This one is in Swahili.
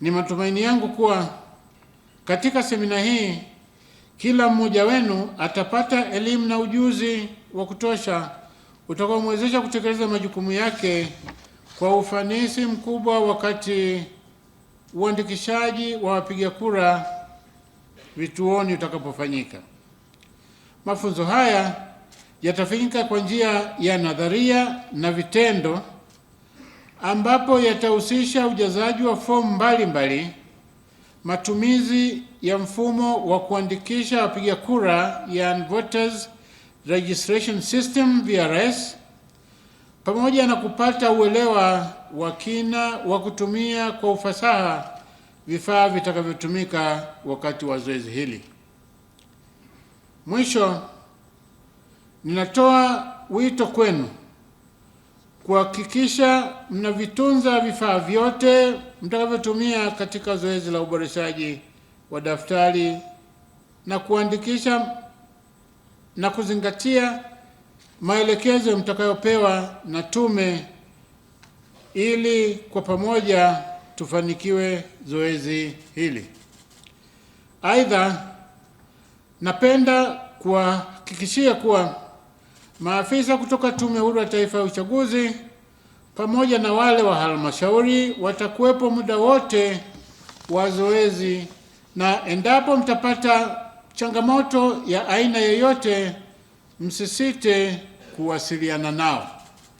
Ni matumaini yangu kuwa katika semina hii kila mmoja wenu atapata elimu na ujuzi wa kutosha utakaomwezesha kutekeleza majukumu yake kwa ufanisi mkubwa wakati uandikishaji wa wapiga kura vituoni utakapofanyika. Mafunzo haya yatafanyika kwa njia ya nadharia na vitendo ambapo yatahusisha ujazaji wa fomu mbalimbali, matumizi ya mfumo wa kuandikisha wapiga kura ya Voters Registration System VRS, pamoja na kupata uelewa wa kina wa kutumia kwa ufasaha vifaa vitakavyotumika wakati wa zoezi hili. Mwisho, ninatoa wito kwenu kuhakikisha mnavitunza vifaa vyote mtakavyotumia katika zoezi la uboreshaji wa daftari na kuandikisha na kuzingatia maelekezo mtakayopewa na Tume ili kwa pamoja tufanikiwe zoezi hili. Aidha, napenda kuwahakikishia kuwa Maafisa kutoka Tume Huru ya Taifa ya Uchaguzi pamoja na wale wa halmashauri watakuwepo muda wote wa zoezi, na endapo mtapata changamoto ya aina yoyote, msisite kuwasiliana nao.